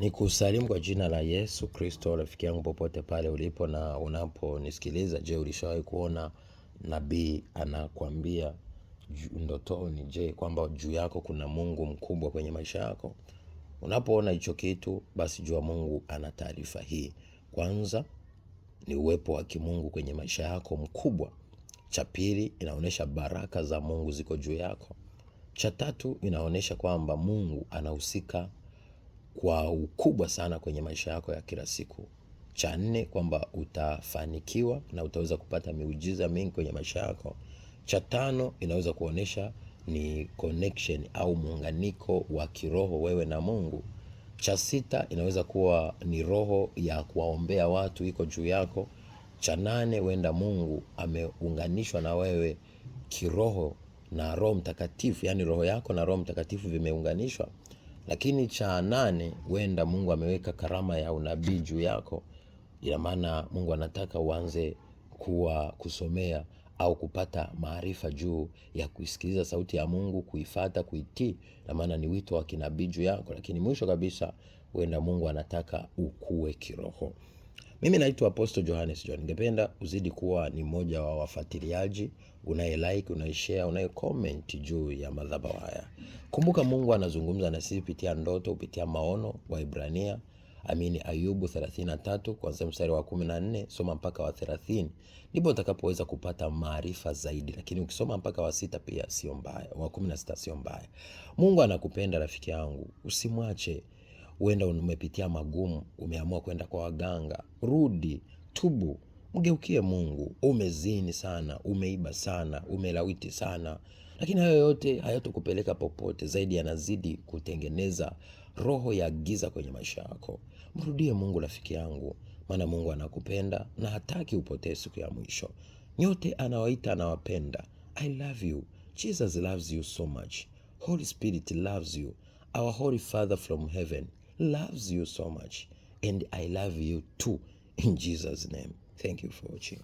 Nikusalimu kwa jina la Yesu Kristo, rafiki yangu popote pale ulipo na unaponisikiliza. Je, ulishawahi kuona nabii anakwambia ndotoni? Je, kwamba juu yako kuna Mungu mkubwa kwenye maisha yako? Unapoona hicho kitu, basi jua Mungu ana taarifa hii. Kwanza ni uwepo wa kimungu kwenye maisha yako mkubwa. Cha pili, inaonyesha baraka za Mungu ziko juu yako. Cha tatu, inaonyesha kwamba Mungu anahusika kwa ukubwa sana kwenye maisha yako ya kila siku. Cha nne kwamba utafanikiwa na utaweza kupata miujiza mingi kwenye maisha yako. Cha tano inaweza kuonyesha ni connection au muunganiko wa kiroho wewe na Mungu. Cha sita inaweza kuwa ni roho ya kuwaombea watu iko juu yako. Cha nane wenda Mungu ameunganishwa na wewe kiroho na Roho Mtakatifu, yaani roho yako na Roho Mtakatifu vimeunganishwa. Lakini cha nane, huenda Mungu ameweka karama ya unabii juu yako, ina maana Mungu anataka uanze kuwa kusomea au kupata maarifa juu ya kuisikiliza sauti ya Mungu, kuifata, kuitii, na maana ni wito wa kinabii juu yako. Lakini mwisho kabisa, huenda Mungu anataka ukue kiroho. Mimi naitwa Apostle Johannes John. Ningependa uzidi kuwa ni mmoja wa wafuatiliaji unaye like, unaye share, unaye comment juu ya madhabahu haya. Kumbuka Mungu anazungumza na sisi kupitia ndoto, kupitia maono. wa Ibrania. amini, Ayubu 33 kuanzia mstari wa 14, soma mpaka wa 30, ndipo utakapoweza kupata maarifa zaidi, lakini ukisoma mpaka wa sita pia sio mbaya, wa 16 sio mbaya. Mungu anakupenda rafiki yangu, usimwache. Huenda umepitia magumu, umeamua kwenda kwa waganga. Rudi, tubu, mgeukie Mungu. Umezini sana, umeiba sana, umelawiti sana, lakini hayo yote hayatokupeleka popote zaidi, yanazidi kutengeneza roho ya giza kwenye maisha yako. Mrudie Mungu rafiki yangu, maana Mungu anakupenda na hataki upotee siku ya mwisho. Nyote anawaita, anawapenda. I love you. Jesus loves you so much. Holy Spirit loves you. Our Holy Father from heaven loves you so much. And I love you too. In Jesus' name. Thank you for watching.